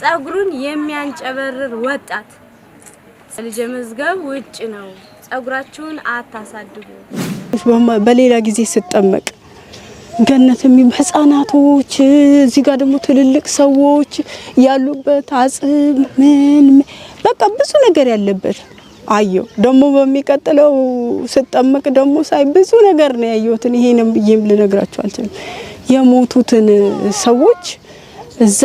ጸጉሩን የሚያንጨበርር ወጣት ልጅ መዝገብ ውጭ ነው። ጸጉራችሁን አታሳድጉ። በሌላ ጊዜ ስጠመቅ ገነት የሚም ህጻናቶች እዚህ ጋር ደግሞ ትልልቅ ሰዎች ያሉበት አጽም ምን በቃ ብዙ ነገር ያለበት አየሁ። ደግሞ በሚቀጥለው ስጠመቅ ደግሞ ሳይ ብዙ ነገር ነው ያየሁትን። ይሄንም ብዬም ልነግራቸው አልችልም። የሞቱትን ሰዎች እዛ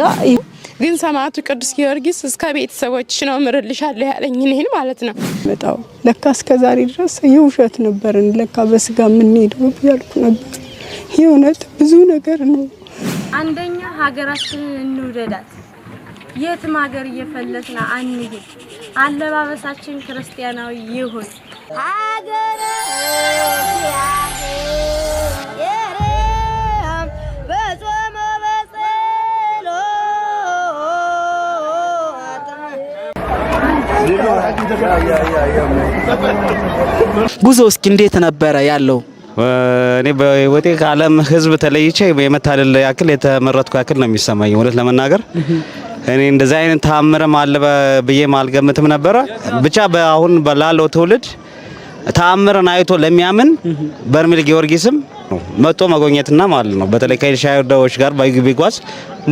ግን ሰማዕቱ ቅዱስ ጊዮርጊስ እስከ ቤተሰቦች ነው ምርልሻለሁ ያለኝ እኔን ማለት ነው። መጣው ለካ እስከ ዛሬ ድረስ የውሸት ነበርን ለካ በስጋ የምንሄደው ብያልኩ ነበር። የእውነት ብዙ ነገር ነው። አንደኛ ሀገራችንን እንውደዳት። የትም ሀገር እየፈለስና አንሄድ። አለባበሳችን ክርስቲያናዊ ይሁን። ጉዞ እስኪ እንዴት ነበረ ያለው? እኔ በህይወቴ ከዓለም ህዝብ ተለይቼ የመታደል ያክል የተመረጥኩ ያክል ነው የሚሰማኝ። እውነት ለመናገር እኔ እንደዚህ አይነት ተአምርም አለ ብዬ አልገምትም ነበረ። ብቻ በአሁን ላለው ትውልድ ተአምርን አይቶ ለሚያምን በርሜል ጊዮርጊስም መጥቶ መጎብኘትና ማለት ነው። በተለይ ከሻዳዎች ጋር ቢጓዝ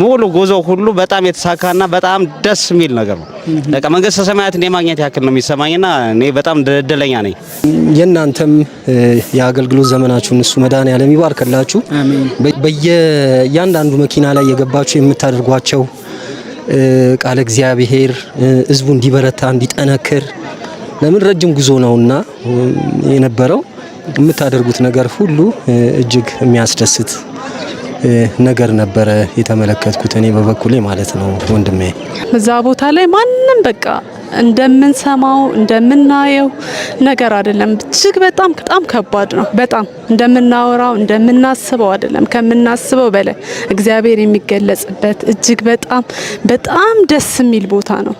ሙሉ ጉዞ ሁሉ በጣም የተሳካና በጣም ደስ የሚል ነገር ነው። በቃ መንግስተ ሰማያትን የማግኘት ያክል ነው የሚሰማኝና እኔ በጣም ደደለኛ ነኝ። የእናንተም የአገልግሎት ዘመናችሁን እሱ መድኃኔዓለም ይባርክላችሁ። በየእያንዳንዱ መኪና ላይ የገባችሁ የምታደርጓቸው ቃለ እግዚአብሔር ህዝቡ እንዲበረታ እንዲጠነክር ለምን ረጅም ጉዞ ነውና የነበረው የምታደርጉት ነገር ሁሉ እጅግ የሚያስደስት ነገር ነበረ የተመለከትኩት እኔ በበኩሌ ማለት ነው። ወንድሜ እዛ ቦታ ላይ ማንም በቃ እንደምንሰማው እንደምናየው ነገር አይደለም። እጅግ በጣም በጣም ከባድ ነው። በጣም እንደምናወራው እንደምናስበው አይደለም። ከምናስበው በላይ እግዚአብሔር የሚገለጽበት እጅግ በጣም በጣም ደስ የሚል ቦታ ነው።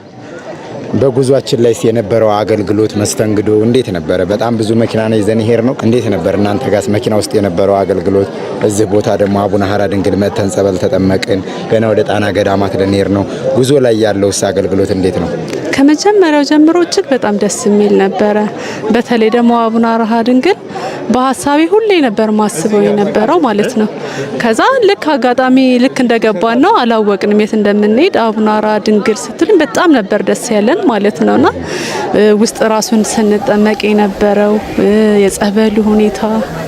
በጉዟችን ላይ የነበረው አገልግሎት መስተንግዶ እንዴት ነበረ? በጣም ብዙ መኪና ነው ይዘን ሄር ነው። እንዴት ነበር እናንተ ጋስ መኪና ውስጥ የነበረው አገልግሎት? እዚህ ቦታ ደግሞ አቡነ ሀራ ድንግል መተን ጸበል ተጠመቅን። ገና ወደ ጣና ገዳማት ልንሄድ ነው። ጉዞ ላይ ያለው ያለውስ አገልግሎት እንዴት ነው? ከመጀመሪያው ጀምሮ እጅግ በጣም ደስ የሚል ነበረ። በተለይ ደግሞ አቡነ አረሃ ድንግል በሀሳቤ ሁሌ ነበር ማስበው የነበረው ማለት ነው። ከዛ ልክ አጋጣሚ ልክ እንደገባን ነው አላወቅንም የት እንደምንሄድ አቡነ አረሃ ድንግል ስትልን በጣም ነበር ደስ ያለን ማለት ነው። ነውና ውስጥ ራሱን ስንጠመቅ የነበረው የጸበሉ ሁኔታ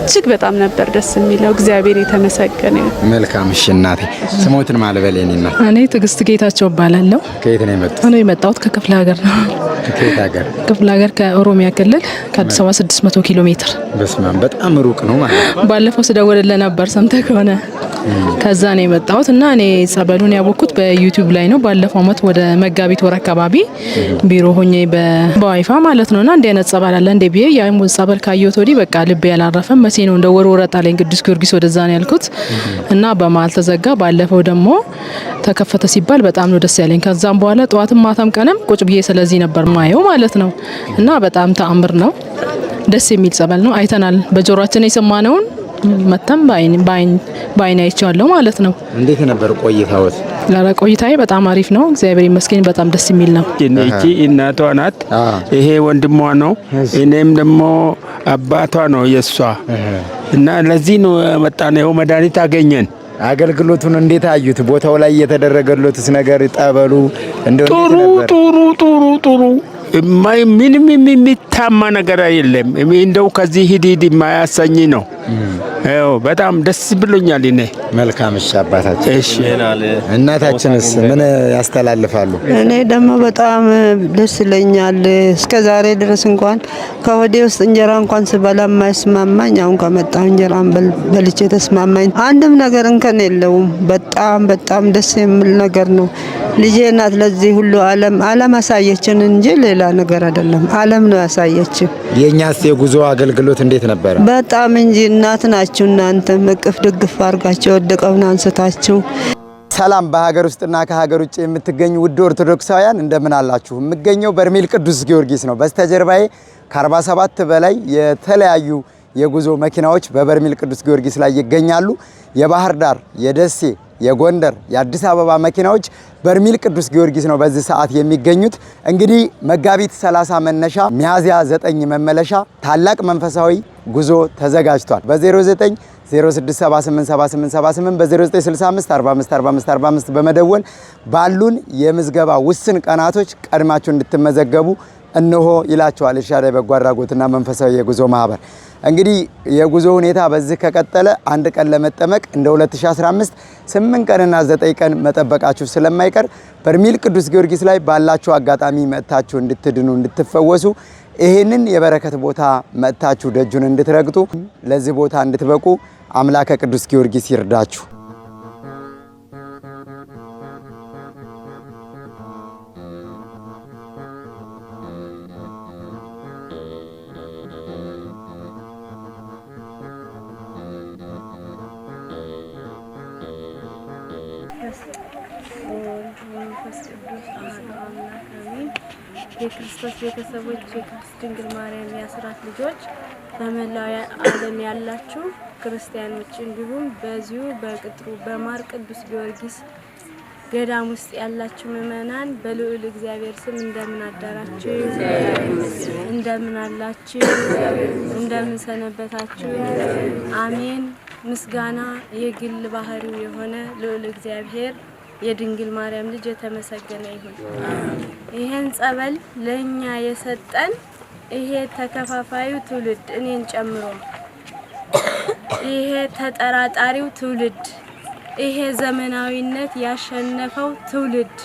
እጅግ በጣም ነበር ደስ የሚለው። እግዚአብሔር የተመሰገነ። መልካም እሺ። እናቴ ስሞትን ማልበል እኔ ትግስት ጌታቸው እባላለሁ። ከየት ነው የመጣሁት? ከክፍለ ሀገር ነው። ክፍለ ሀገር ከኦሮሚያ ክልል ከአዲስ አበባ 600 ኪሎ ሜትር። በጣም ሩቅ ነው ማለት ባለፈው ስደወልልህ ነበር ሰምተህ ከሆነ ከዛ ነው የመጣሁት እና እኔ ጸበሉን ያወቅኩት በዩቲዩብ ላይ ነው። ባለፈው አመት ወደ መጋቢት ወር አካባቢ ቢሮ ሆኜ በዋይፋ ማለት ነው እና እንዲህ አይነት ጸበል አለ እንዴ ብዬ ያም ጸበል ካየሁት ወዲህ በቃ ልቤ ያላረፈም መቼ ነው እንደ ወር ወረጣ ላይ ቅዱስ ጊዮርጊስ ወደዛ ነው ያልኩት እና በመሀል ተዘጋ። ባለፈው ደግሞ ተከፈተ ሲባል በጣም ነው ደስ ያለኝ። ከዛም በኋላ ጠዋትም ማታም ቀንም ቁጭ ብዬ ስለዚህ ነበር ማየው ማለት ነው። እና በጣም ተአምር ነው፣ ደስ የሚል ጸበል ነው። አይተናል፣ በጆሮአችን የሰማነውን መተም በአይን አይቼዋለሁ ማለት ነው። እንዴት ነበር ቆይታዎት? ላላ ቆይታዬ በጣም አሪፍ ነው፣ እግዚአብሔር ይመስገን። በጣም ደስ የሚል ነው። እቺ እናቷ ናት፣ ይሄ ወንድሟ ነው፣ እኔም ደግሞ አባቷ ነው የእሷ እና ለዚህ ነው መጣ ነው መድኃኒት አገኘን አገልግሎቱን እንዴት አዩት? ቦታው ላይ የተደረገለትስ ነገር ጠበሉ እንደው ጥሩ ጥሩ ጥሩ ጥሩ ምንም የሚታማ ነገር የለም። እንደው ከዚህ ሂድ ሂድ የማያሰኝ ነው። በጣም ደስ ብሎኛል። እኔ መልካም እሺ። አባታችን እሺ፣ እናታችንስ ምን ያስተላልፋሉ? እኔ ደግሞ በጣም ደስ ይለኛል። እስከ ዛሬ ድረስ እንኳን ከወዴ ውስጥ እንጀራ እንኳን ስበላ የማይስማማኝ አሁን ከመጣሁ እንጀራ በልቼ ተስማማኝ። አንድም ነገር እንከን የለውም። በጣም በጣም ደስ የሚል ነገር ነው። ልጄ ናት ለዚህ ሁሉ አለም አለም አሳየችን እንጂ ሌላ ሌላ ነገር አይደለም። ዓለም ነው ያሳየችው። የእኛስ የጉዞ አገልግሎት እንዴት ነበረ? በጣም እንጂ እናት ናችሁ እናንተም እቅፍ ድግፍ አድርጋችሁ ወደቀውን አንስታችሁ። ሰላም በሀገር ውስጥና ከሀገር ውጭ የምትገኙ ውድ ኦርቶዶክሳውያን እንደምን አላችሁ? የምገኘው በርሜል ቅዱስ ጊዮርጊስ ነው። በስተጀርባዬ ከ47 በላይ የተለያዩ የጉዞ መኪናዎች በበርሜል ቅዱስ ጊዮርጊስ ላይ ይገኛሉ። የባህር ዳር፣ የደሴ የጎንደር የአዲስ አበባ መኪናዎች በርሚል ቅዱስ ጊዮርጊስ ነው በዚህ ሰዓት የሚገኙት። እንግዲህ መጋቢት 30 መነሻ ሚያዝያ 9 መመለሻ ታላቅ መንፈሳዊ ጉዞ ተዘጋጅቷል። በ09 06787878 በ0965454545 በመደወል ባሉን የምዝገባ ውስን ቀናቶች ቀድማችሁ እንድትመዘገቡ እነሆ ይላቸዋል ኤልሻዳይ በጎ አድራጎትና መንፈሳዊ የጉዞ ማህበር። እንግዲህ የጉዞ ሁኔታ በዚህ ከቀጠለ አንድ ቀን ለመጠመቅ እንደ 2015 8 ቀንና 9 ቀን መጠበቃችሁ ስለማይቀር በርሜል ቅዱስ ጊዮርጊስ ላይ ባላችሁ አጋጣሚ መጥታችሁ እንድትድኑ እንድትፈወሱ ይህንን የበረከት ቦታ መጥታችሁ ደጁን እንድትረግጡ ለዚህ ቦታ እንድትበቁ አምላከ ቅዱስ ጊዮርጊስ ይርዳችሁ። የክርስቶስ ቤተሰቦች የቅድስት ድንግል ማርያም የአስራት ልጆች በመላው ዓለም ያላችሁ ክርስቲያኖች እንዲሁም በዚሁ በቅጥሩ በማር ቅዱስ ጊዮርጊስ ገዳም ውስጥ ያላችሁ ምእመናን በልዑል እግዚአብሔር ስም እንደምን አደራችሁ? እንደምን አላችሁ? እንደምን ሰነበታችሁ? አሜን። ምስጋና የግል ባህሪው የሆነ ልዑል እግዚአብሔር የድንግል ማርያም ልጅ የተመሰገነ ይሁን። ይሄን ጸበል ለኛ የሰጠን ይሄ ተከፋፋዩ ትውልድ እኔን ጨምሮ ይሄ ተጠራጣሪው ትውልድ ይሄ ዘመናዊነት ያሸነፈው ትውልድ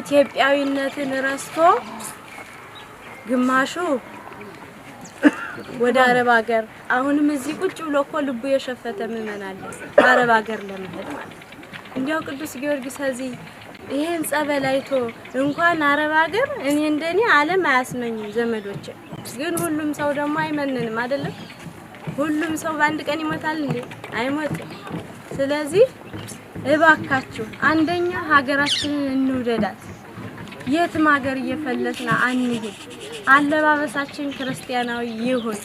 ኢትዮጵያዊነትን ረስቶ ግማሹ ወደ አረብ ሀገር አሁንም እዚህ ቁጭ ብሎ እኮ ልቡ የሸፈተ ምዕመን አለ አረብ ሀገር ለመሄድ ማለት ነው። እንዲያው ቅዱስ ጊዮርጊስ እዚህ ይሄን ጸበል አይቶ እንኳን አረብ ሀገር እኔ እንደኔ ዓለም አያስመኝም። ዘመዶች ግን ሁሉም ሰው ደግሞ አይመንንም አይደለም። ሁሉም ሰው በአንድ ቀን ይሞታል እንዴ? አይሞትም። ስለዚህ እባካችሁ አንደኛ ሀገራችንን እንውደዳት። የትም ሀገር እየፈለስን አንሂድ። አለባበሳችን ክርስቲያናዊ ይሁን፣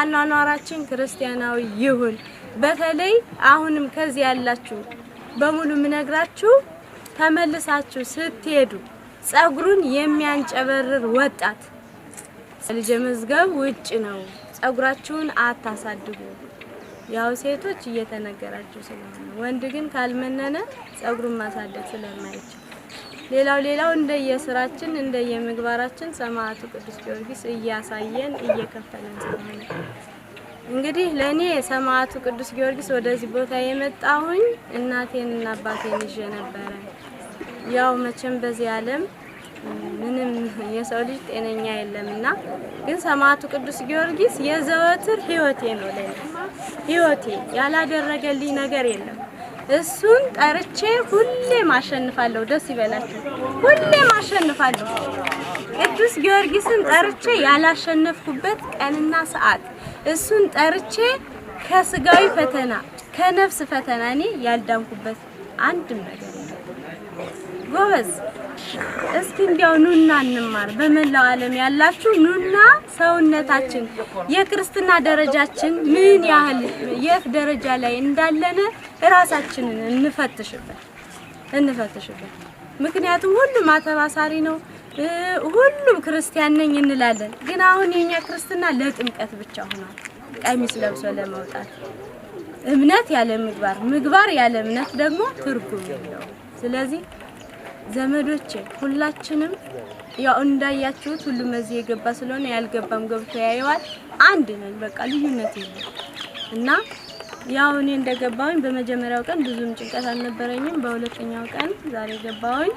አኗኗራችን ክርስቲያናዊ ይሁን። በተለይ አሁንም ከዚህ ያላችሁ በሙሉ የምነግራችሁ ተመልሳችሁ ስትሄዱ ጸጉሩን የሚያንጨበርር ወጣት ልጅ መዝገብ ውጭ ነው። ጸጉራችሁን አታሳድጉ። ያው ሴቶች እየተነገራችሁ ስለሆነ፣ ወንድ ግን ካልመነነ ጸጉሩን ማሳደግ ስለማይችል ሌላው ሌላው እንደየስራችን እንደየምግባራችን ሰማዕቱ ቅዱስ ጊዮርጊስ እያሳየን እየከፈለን ስለሆነ እንግዲህ ለእኔ ሰማዕቱ ቅዱስ ጊዮርጊስ ወደዚህ ቦታ የመጣሁኝ እና አባቴን ይዤ ነበረ። ያው መቼም በዚህ ዓለም ምንም የሰው ልጅ ጤነኛ የለምና፣ ግን ሰማዕቱ ቅዱስ ጊዮርጊስ የዘወትር ህይወቴ ነው። ለኔ ህይወቴ ያላደረገልኝ ነገር የለም። እሱን ጠርቼ ሁሌም አሸንፋለሁ። ደስ ይበላችሁ። ሁሌም አሸንፋለሁ። ቅዱስ ጊዮርጊስን ጠርቼ ያላሸነፍኩበት ቀንና ሰዓት እሱን ጠርቼ ከስጋዊ ፈተና ከነፍስ ፈተና እኔ ያልዳንኩበት አንድም ነገር ጎበዝ። እስኪ እንዲያው ኑና እንማር። በመላው ዓለም ያላችሁ ኑና ሰውነታችን የክርስትና ደረጃችን ምን ያህል የት ደረጃ ላይ እንዳለን እራሳችንን እንፈትሽበት እንፈትሽበት። ምክንያቱም ሁሉም አተባሳሪ ነው። ሁሉም ክርስቲያን ነኝ እንላለን። ግን አሁን የኛ ክርስትና ለጥምቀት ብቻ ሆኗል፣ ቀሚስ ለብሶ ለመውጣት። እምነት ያለ ምግባር፣ ምግባር ያለ እምነት ደግሞ ትርጉም የለው ስለዚህ ዘመዶቼ ሁላችንም ያው እንዳያችሁት ሁሉም እዚህ የገባ ስለሆነ ያልገባም ገብቶ ያየዋል። አንድ ነን፣ በቃ ልዩነት የለም እና ያው እኔ እንደገባሁኝ በመጀመሪያው ቀን ብዙም ጭንቀት አልነበረኝም። በሁለተኛው ቀን ዛሬ ገባሁኝ።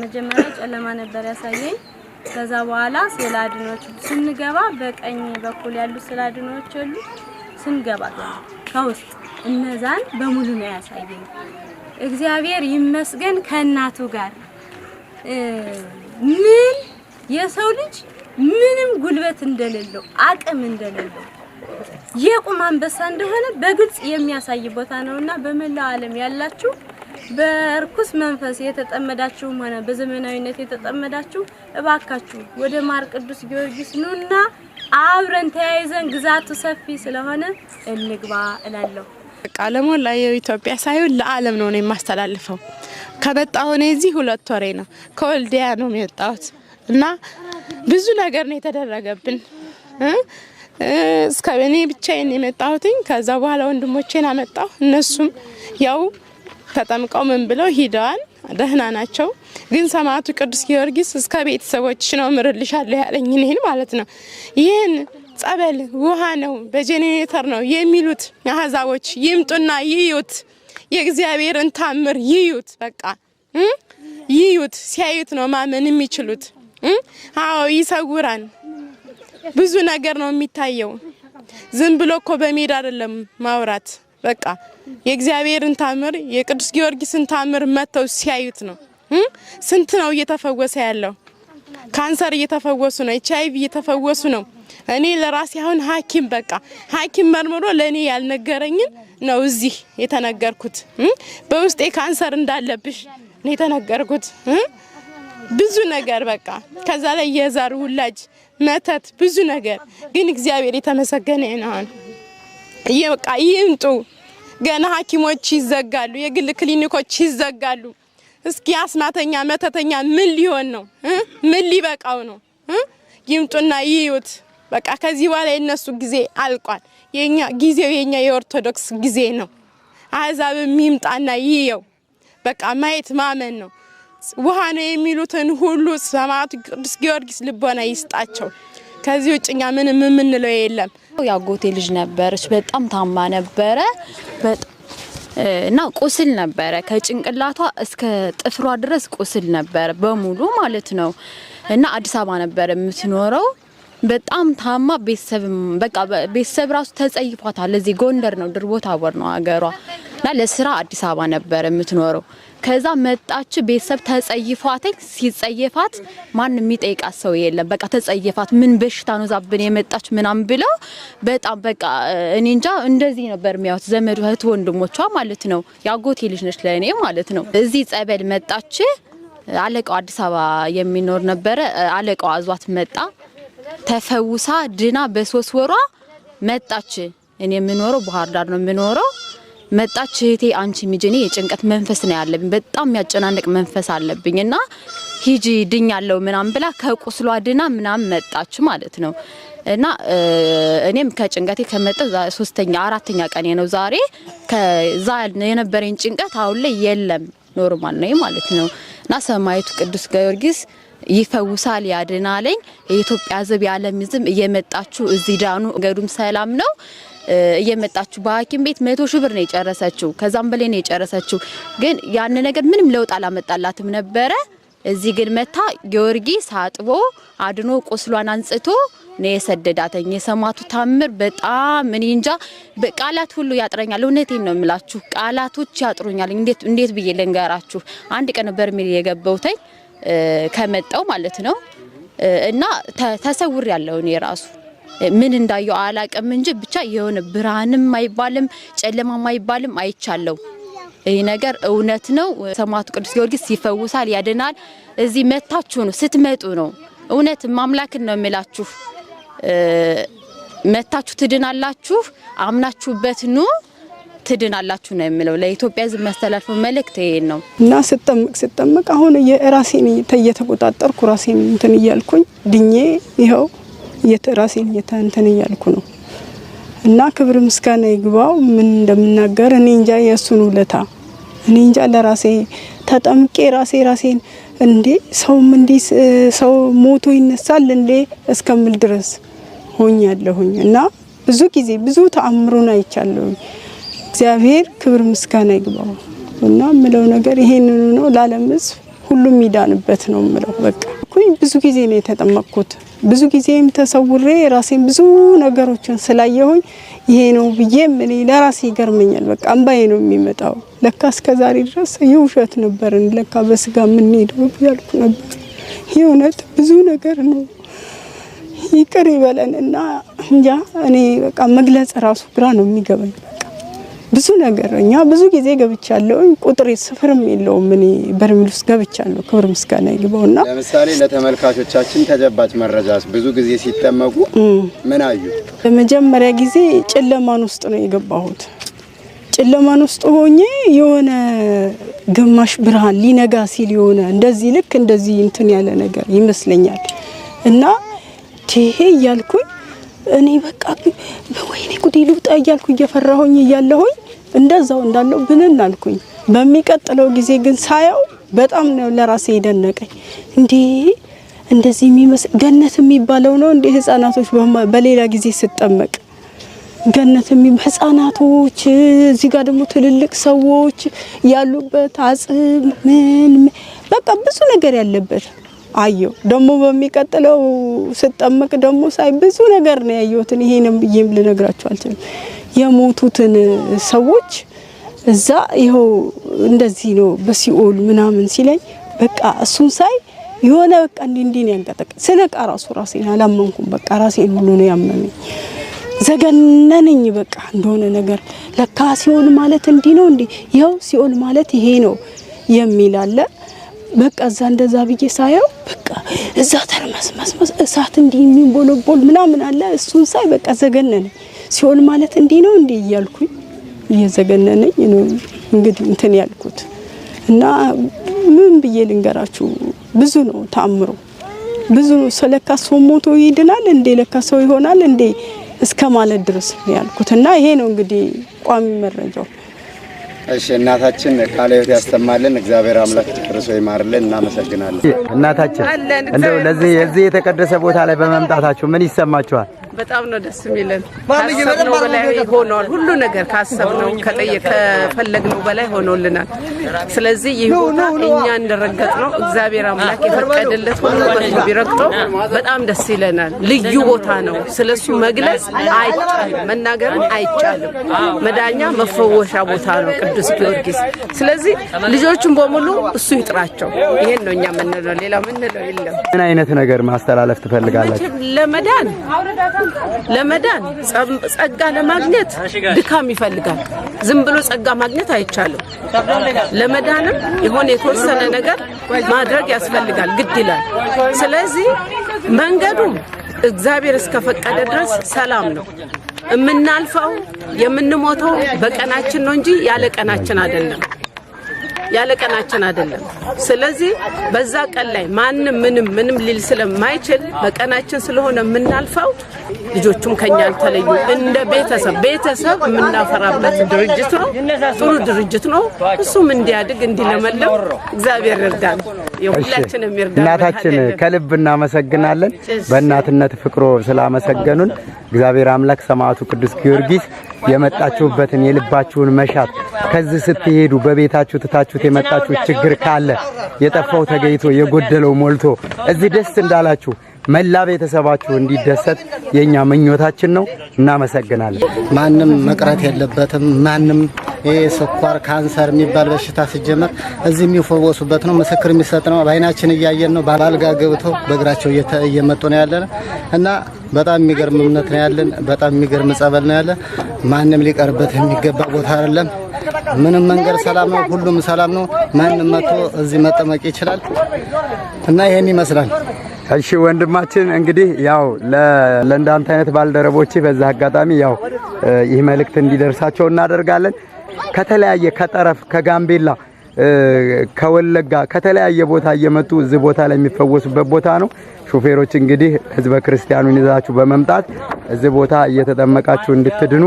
መጀመሪያ ጨለማ ነበር ያሳየኝ። ከዛ በኋላ ስላድኖች ስንገባ በቀኝ በኩል ያሉ ስላድኖች አሉ። ስንገባ ከውስጥ እነዛን በሙሉ ነው ያሳየኝ። እግዚአብሔር ይመስገን ከእናቱ ጋር ምን የሰው ልጅ ምንም ጉልበት እንደሌለው አቅም እንደሌለው የቁም አንበሳ እንደሆነ በግልጽ የሚያሳይ ቦታ ነውና በመላው ዓለም ያላችሁ በርኩስ መንፈስ የተጠመዳችሁም ሆነ በዘመናዊነት የተጠመዳችሁ እባካችሁ ወደ ማር ቅዱስ ጊዮርጊስ ኑና አብረን ተያይዘን ግዛቱ ሰፊ ስለሆነ እንግባ እላለሁ። ቃለሞ ለኢትዮጵያ ሳይሆን ለዓለም ነው የማስተላልፈው። ከመጣሁ እኔ እዚህ ሁለት ወሬ ነው ከወልዲያ ነው የመጣሁት እና ብዙ ነገር ነው የተደረገብን። እስከ እኔ ብቻዬን የመጣሁትኝ ከዛ በኋላ ወንድሞቼን አመጣሁ እነሱም ያው ተጠምቀው ምን ብለው ሂደዋል። ደህና ናቸው። ግን ሰማዕቱ ቅዱስ ጊዮርጊስ እስከ ቤተሰቦች ነው እምርልሻለሁ ያለኝ እኔን ማለት ነው። ይህን ጸበል ውሃ ነው በጄኔሬተር ነው የሚሉት አህዛቦች ይምጡና ይዩት፣ የእግዚአብሔርን ታምር ይዩት። በቃ ይዩት፣ ሲያዩት ነው ማመን የሚችሉት። አዎ ይሰውራን፣ ብዙ ነገር ነው የሚታየው። ዝም ብሎ እኮ በሜዳ አይደለም ማውራት በቃ የእግዚአብሔርን ታምር የቅዱስ ጊዮርጊስን ታምር መጥተው ሲያዩት ነው። ስንት ነው እየተፈወሰ ያለው? ካንሰር እየተፈወሱ ነው። ኤች አይቪ እየተፈወሱ ነው። እኔ ለራሴ አሁን ሐኪም በቃ ሐኪም መርምሮ ለእኔ ያልነገረኝን ነው እዚህ የተነገርኩት። በውስጤ ካንሰር እንዳለብሽ ነው የተነገርኩት። ብዙ ነገር በቃ ከዛ ላይ የዛር ውላጅ መተት ብዙ ነገር ግን እግዚአብሔር የተመሰገነ ነው። በቃ ይምጡ። ገና ሐኪሞች ይዘጋሉ፣ የግል ክሊኒኮች ይዘጋሉ። እስኪ አስማተኛ መተተኛ ምን ሊሆን ነው? ምን ሊበቃው ነው? ይምጡና ይዩት። በቃ ከዚህ በኋላ የነሱ ጊዜ አልቋል። የኛ ጊዜው የኛ የኦርቶዶክስ ጊዜ ነው። አህዛብም ይምጣና ይየው። በቃ ማየት ማመን ነው። ውሃ ነው የሚሉትን ሁሉ ሰማዕቱ ቅዱስ ጊዮርጊስ ልቦና ይስጣቸው። ከዚህ ውጭ እኛ ምንም የምንለው የለም። ያጎቴ ልጅ ነበረች። በጣም ታማ ነበረ እና ቁስል ነበረ ከጭንቅላቷ እስከ ጥፍሯ ድረስ ቁስል ነበረ በሙሉ ማለት ነው። እና አዲስ አበባ ነበረ የምትኖረው በጣም ታማ ቤተሰብ በቃ ቤተሰብ ራሱ ተጸይፏታል። እዚህ ጎንደር ነው ድርቦ ታቦር ነው አገሯ እና ለስራ አዲስ አበባ ነበረ የምትኖረው ከዛ መጣች ቤተሰብ ተጸይፏትኝ። ሲጸየፋት ማንም የሚጠይቃት ሰው የለም። በቃ ተጸየፋት። ምን በሽታ ነው ዛብን የመጣች ምናም ብለው በጣም በቃ እኔ እንጃ እንደዚህ ነበር የሚያዩት ዘመድ እህት ወንድሞቿ ማለት ነው። ያጎቴ ልጅ ነች ለእኔ ማለት ነው። እዚህ ጸበል መጣች። አለቃው አዲስ አበባ የሚኖር ነበረ። አለቃው አዟት መጣ። ተፈውሳ ድና በሶስት ወሯ መጣች። እኔ የምኖረው ባህር ዳር ነው የምኖረው መጣች እህቴ አንቺ ሂጂ፣ እኔ የጭንቀት መንፈስ ነው ያለብኝ፣ በጣም የሚያጨናንቅ መንፈስ አለብኝ እና ሂጂ ድኛለሁ ምናምን ብላ ከቁስሏ ድና ምናምን መጣች ማለት ነው። እና እኔም ከጭንቀቴ ከመጣ ሶስተኛ አራተኛ ቀኔ ነው ዛሬ። ከዛ የነበረኝ ጭንቀት አሁን ላይ የለም፣ ኖርማል ነው ማለት ነው። እና ሰማዕቱ ቅዱስ ጊዮርጊስ ይፈውሳል ያድናለኝ። የኢትዮጵያ ሕዝብ የዓለም ሕዝብ እየመጣችሁ እዚህ ዳኑ። ገዱም ሰላም ነው። እየመጣችሁ በሐኪም ቤት መቶ ሺህ ብር ነው የጨረሰችው፣ ከዛም በላይ ነው የጨረሰችው። ግን ያን ነገር ምንም ለውጥ አላመጣላትም ነበረ። እዚህ ግን መታ ጊዮርጊስ አጥቦ አድኖ ቁስሏን አንጽቶ ነው የሰደዳተኝ። የሰማቱ ታምር በጣም እኔ እንጃ ቃላት ሁሉ ያጥረኛል። እውነቴን ነው የምላችሁ፣ ቃላቶች ያጥሩኛል። እንዴት እንዴት ብዬ ልንገራችሁ? አንድ ቀን በርሜል የገባውተኝ ከመጣው ማለት ነው እና ተሰውር ያለው እኔ ራሱ ምን እንዳየው አላቅም እንጂ ብቻ የሆነ ብርሃንም አይባልም ጨለማም አይባልም አይቻለው ይህ ነገር እውነት ነው። ሰማዕቱ ቅዱስ ጊዮርጊስ ይፈውሳል፣ ያድናል። እዚህ መታችሁ ነው ስትመጡ ነው እውነት ማምላክን ነው የሚላችሁ መታችሁ ትድናላችሁ፣ አምናችሁበት ኑ ትድናላችሁ ነው የሚለው ለኢትዮጵያ ሕዝብ የሚያስተላልፈው መልእክት ይሄን ነው እና ስጠመቅ ስጠመቅ አሁን የራሴን እየተቆጣጠርኩ ራሴን እንትን እያልኩኝ ድኜ ይኸው ራሴን እየተንተን እያልኩ ነው እና ክብር ምስጋና ይግባው። ምን እንደምናገር እኔ እንጃ። የእሱን ውለታ እኔ እንጃ። ለራሴ ተጠምቄ ራሴ ራሴን እንዴ ሰውም እንዲ ሰው ሞቶ ይነሳል እንዴ እስከምል ድረስ ሆኛለሁኝ እና ብዙ ጊዜ ብዙ ተአምሩን አይቻለሁ። እግዚአብሔር ክብር ምስጋና ይግባው እና ምለው ነገር ይሄንኑ ነው። ለዓለም ሕዝብ ሁሉም ይዳንበት ነው ምለው በቃ ብዙ ጊዜ ነው የተጠመቅኩት። ብዙ ጊዜም ተሰውሬ ራሴን ብዙ ነገሮችን ስላየሁኝ ይሄ ነው ብዬ ምን ለራሴ ይገርመኛል። በቃ እምባዬ ነው የሚመጣው። ለካ እስከ ዛሬ ድረስ የውሸት ነበርን፣ ለካ በስጋ የምንሄደው ያልኩ ነበር። የእውነት ብዙ ነገር ነው። ይቅር ይበለን እና እንጃ እኔ በቃ መግለጽ ራሱ ግራ ነው የሚገባኝ። ብዙ ነገር እኛ ብዙ ጊዜ ገብቻለሁ። ቁጥር ስፍርም የለውም። እኔ በርሜል ውስጥ ገብቻለሁ። ክብር ምስጋና ይግባውና ለምሳሌ ለተመልካቾቻችን ተጨባጭ መረጃ ብዙ ጊዜ ሲጠመቁ ምን አዩ? በመጀመሪያ ጊዜ ጨለማን ውስጥ ነው የገባሁት። ጨለማን ውስጥ ሆኜ የሆነ ግማሽ ብርሃን ሊነጋ ሲል የሆነ እንደዚህ ልክ እንደዚህ እንትን ያለ ነገር ይመስለኛል እና ይሄ እያልኩኝ እኔ በቃ ወይኔ ጉዴ ልውጣ እያልኩ እየፈራሁኝ እያለሁኝ እንደዛው እንዳለው ብንን አልኩኝ። በሚቀጥለው ጊዜ ግን ሳየው በጣም ነው ለራሴ የደነቀኝ። እንዴ እንደዚህ የሚመስል ገነት የሚባለው ነው እንዴ? ህጻናቶች በሌላ ጊዜ ስጠመቅ ገነት ህጻናቶች፣ እዚህ ጋር ደግሞ ትልልቅ ሰዎች ያሉበት አጽም ምን በቃ ብዙ ነገር ያለበት አየሁ። ደግሞ በሚቀጥለው ስጠመቅ ደግሞ ሳይ ብዙ ነገር ነው ያየሁትን። ይሄንም ብዬም ልነግራችሁ አልችልም። የሞቱትን ሰዎች እዛ ይኸው እንደዚህ ነው በሲኦል ምናምን ሲለኝ በቃ እሱን ሳይ የሆነ በቃ እንዲህ እንዲህ ነው ያንቀጠቀ ስነቃ ራሱ ራሴን አላመንኩም። በቃ ራሴን ሁሉ ነው ያመመኝ፣ ዘገነነኝ። በቃ እንደሆነ ነገር ለካ ሲኦል ማለት እንዲህ ነው እንዲህ ይኸው ሲኦል ማለት ይሄ ነው የሚል አለ። በቃ እዛ እንደዛ ብዬ ሳየው በቃ እዛ ተርመስመስመስ እሳት እንዲህ የሚንቦለቦል ምናምን አለ። እሱን ሳይ በቃ ዘገነነኝ። ሲሆን ማለት እንዲህ ነው እንዲህ እያልኩኝ እየዘገነነኝ ነው እንግዲህ እንትን ያልኩት እና ምን ብዬ ልንገራችሁ፣ ብዙ ነው ታምሮ ብዙ ነው። ስለካ ሰው ሞቶ ይድናል እንዴ ለካ ሰው ይሆናል እንዴ እስከ ማለት ድረስ ነው ያልኩት እና ይሄ ነው እንግዲህ ቋሚ መረጃው። እሺ እናታችን ቃለ ሕይወት ያስተማልን እግዚአብሔር አምላክ ክርስቶስ ይማርልን። እናመሰግናለን እናታችን። እንደው ለዚህ የዚህ የተቀደሰ ቦታ ላይ በመምጣታችሁ ምን ይሰማችኋል? በጣም ነው ደስ የሚለን። ካሰብነው በላይ ሆኗል። ሁሉ ነገር ካሰብነው ከፈለግነው በላይ ሆኖልናል። ስለዚህ ይህ ቦታ እኛ እንደረገጥ ነው እግዚአብሔር አምላክ የፈቀደለት ሁሉ ነው ቢረግጠው በጣም ደስ ይለናል። ልዩ ቦታ ነው። ስለሱ መግለጽ አይቻልም፣ መናገርም አይቻልም። መዳኛ መፈወሻ ቦታ ነው ቅዱስ ጊዮርጊስ። ስለዚህ ልጆቹን በሙሉ እሱ ይጥራቸው። ይሄን ነው እኛ የምንለው፣ ሌላ ምንለው የለም። ምን አይነት ነገር ማስተላለፍ ትፈልጋለች ለመዳን ለመዳን ጸጋ ለማግኘት ድካም ይፈልጋል። ዝም ብሎ ጸጋ ማግኘት አይቻልም። ለመዳንም የሆነ የተወሰነ ነገር ማድረግ ያስፈልጋል፣ ግድ ይላል። ስለዚህ መንገዱም እግዚአብሔር እስከፈቀደ ድረስ ሰላም ነው። የምናልፈው የምንሞተው በቀናችን ነው እንጂ ያለ ቀናችን አይደለም። ያለ ቀናችን አይደለም። ስለዚህ በዛ ቀን ላይ ማንም ምንም ምንም ሊል ስለማይችል በቀናችን ስለሆነ የምናልፈው ልጆቹም ከኛ አልተለዩ። እንደ ቤተሰብ ቤተሰብ የምናፈራበት ድርጅት ነው። ጥሩ ድርጅት ነው። እሱም እንዲያድግ እንዲለመለም እግዚአብሔር ይርዳን፣ ይርዳን። እናታችን ከልብ እናመሰግናለን። በእናትነት ፍቅሮ ስላመሰገኑን እግዚአብሔር አምላክ ሰማዕቱ ቅዱስ ጊዮርጊስ የመጣችሁበትን የልባችሁን መሻት ከዚህ ስትሄዱ በቤታችሁ ትታችሁት የመጣችሁ ችግር ካለ የጠፋው ተገይቶ የጎደለው ሞልቶ እዚህ ደስ እንዳላችሁ መላ ቤተሰባችሁ እንዲደሰት የኛ ምኞታችን ነው። እናመሰግናለን። ማንም መቅረት የለበትም። ማንም የስኳር ካንሰር የሚባል በሽታ ሲጀመር እዚህ የሚፈወሱበት ነው። ምስክር የሚሰጥ ነው። በአይናችን እያየን ነው። ባልጋ ገብተው በእግራቸው እየመጡ ነው ያለን እና በጣም የሚገርም እምነት ነው ያለን። በጣም የሚገርም ጸበል ነው ያለን። ማንም ሊቀርበት የሚገባ ቦታ አይደለም። ምንም መንገድ ሰላም ነው። ሁሉም ሰላም ነው። ማንም መጥቶ እዚህ መጠመቅ ይችላል እና ይሄን ይመስላል። እሺ ወንድማችን እንግዲህ ያው ለእንዳንተ አይነት ባልደረቦች በዛ አጋጣሚ ያው ይህ መልእክት እንዲደርሳቸው እናደርጋለን። ከተለያየ ከጠረፍ ከጋምቤላ ከወለጋ ከተለያየ ቦታ እየመጡ እዚህ ቦታ ላይ የሚፈወሱበት ቦታ ነው። ሹፌሮች እንግዲህ ህዝበ ክርስቲያኑን ይዛችሁ በመምጣት እዚህ ቦታ እየተጠመቃችሁ እንድትድኑ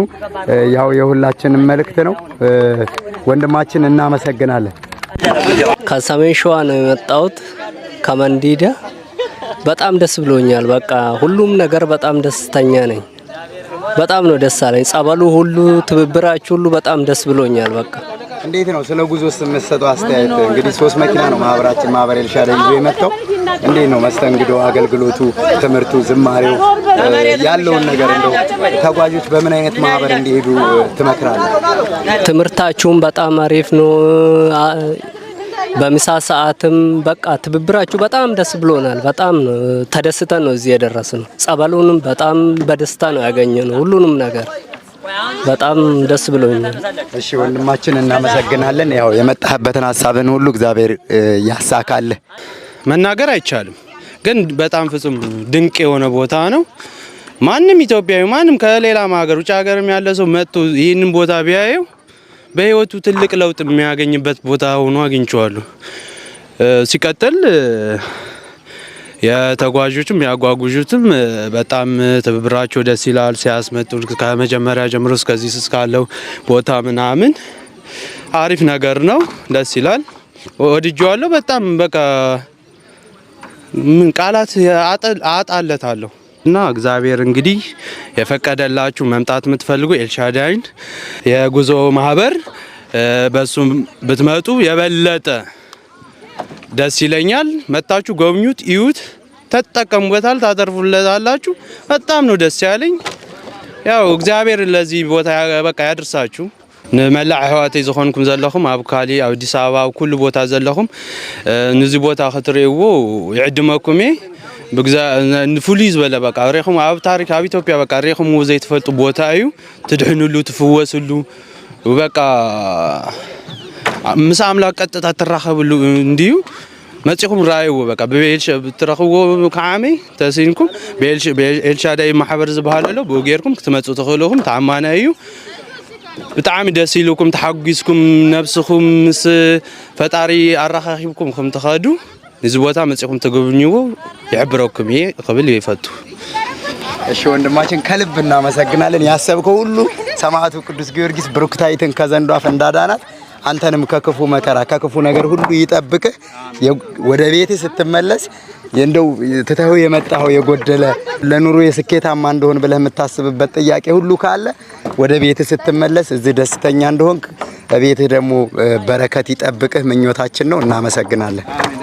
ያው የሁላችንም መልእክት ነው። ወንድማችን እናመሰግናለን። ከሰሜን ሸዋ ነው የመጣሁት ከመንዲዳ። በጣም ደስ ብሎኛል። በቃ ሁሉም ነገር በጣም ደስተኛ ነኝ። በጣም ነው ደስ አለኝ። ጸበሉ ሁሉ ትብብራችሁ ሁሉ በጣም ደስ ብሎኛል። በቃ እንዴት ነው ስለ ጉዞ የምትሰጠው አስተያየት? እንግዲህ ሶስት መኪና ነው ማህበራችን ማህበር ኤልሻዳይ ይዞ የመጣው። እንዴት ነው መስተንግዶ፣ አገልግሎቱ፣ ትምህርቱ፣ ዝማሬው ያለውን ነገር እንደው ተጓዦች በምን አይነት ማህበር እንዲሄዱ ትመክራለህ? ትምህርታችሁም በጣም አሪፍ ነው። በምሳ ሰዓትም በቃ ትብብራችሁ በጣም ደስ ብሎናል። በጣም ተደስተን ነው እዚህ የደረስ ነው። ጸበሉንም በጣም በደስታ ነው ያገኘ ነው። ሁሉንም ነገር በጣም ደስ ብሎኛል። እሺ ወንድማችን እናመሰግናለን። ያው የመጣህበትን ሀሳብን ሁሉ እግዚአብሔር ያሳካለ መናገር አይቻልም፣ ግን በጣም ፍጹም ድንቅ የሆነ ቦታ ነው። ማንም ኢትዮጵያዊ ማንም ከሌላም ሀገር ውጭ ሀገርም ያለ ሰው መጥቶ ይህንን ቦታ ቢያየው በህይወቱ ትልቅ ለውጥ የሚያገኝበት ቦታ ሆኖ አግኝቼዋለሁ። ሲቀጥል የተጓዦችም ያጓጉዙትም በጣም ትብብራቸው ደስ ይላል። ሲያስመጡ ከመጀመሪያ ጀምሮ እስከዚህ እስካለው ቦታ ምናምን አሪፍ ነገር ነው። ደስ ይላል። ወድጄዋለሁ በጣም በቃ ምን ቃላት አጣለታለሁ። እና እግዚአብሔር እንግዲህ የፈቀደላችሁ መምጣት የምትፈልጉ ኤልሻዳይን የጉዞ ማህበር በሱ ብትመጡ የበለጠ ደስ ይለኛል። መጣችሁ ጎብኙት፣ እዩት፣ ተጠቀሙበታል፣ ታተርፉለታላችሁ። በጣም ነው ደስ ያለኝ። ያው እግዚአብሔር ለዚህ ቦታ በቃ ያድርሳችሁ። ንመላዕ ኣሕዋተይ ዝኾንኩም ዘለኹም ኣብ ካሊእ ኣብ ኣዲስ ኣበባ ኣብ ኩሉ ቦታ ዘለኹም ንዚ ቦታ ክትርእይዎ ይዕድመኩም እየ ንፍሉይ ዝበለ በቃ ሪኹም ኣብ ታሪክ ኣብ ኢትዮጵያ በቃ ሪኹም ዘይትፈልጡ ቦታ እዩ ትድሕንሉ ትፍወስሉ በቃ ምስ ኣምላክ ቀጥታ ትራኸብሉ እንድዩ መፂኹም ራእይዎ በቃ ትረኽብዎ ከዓመይ ተሲንኩም ብኤልሻዳይ ማሕበር ዝበሃል ኣሎ ብኡ ጌርኩም ክትመፁ ትኽእልኹም ተኣማነ እዩ ብጣዕሚ ደስ ኢሉኩም ተሓጒስኩም ነብስኹም ምስ ፈጣሪ ኣራኻኺብኩም ከም ትኸዱ እዚ ቦታ መጽኹም ተጎብኝዎ ይዕብረኩም እየ ክብል ይፈቱ። እሺ ወንድማችን ከልብ እናመሰግናለን። ያሰብከው ሁሉ ሰማዕቱ ቅዱስ ጊዮርጊስ ብሩክታይትን ከዘንዷ ፈንዳዳናት አንተንም ከክፉ መከራ ከክፉ ነገር ሁሉ ይጠብቅ ወደ ቤት ስትመለስ እንደው ትተው የመጣኸው የጎደለ ለኑሮ የስኬታማ እንደሆን ብለህ የምታስብበት ጥያቄ ሁሉ ካለ ወደ ቤት ስትመለስ እዚህ ደስተኛ እንደሆን ቤትህ ደግሞ በረከት ይጠብቅህ ምኞታችን ነው። እናመሰግናለን።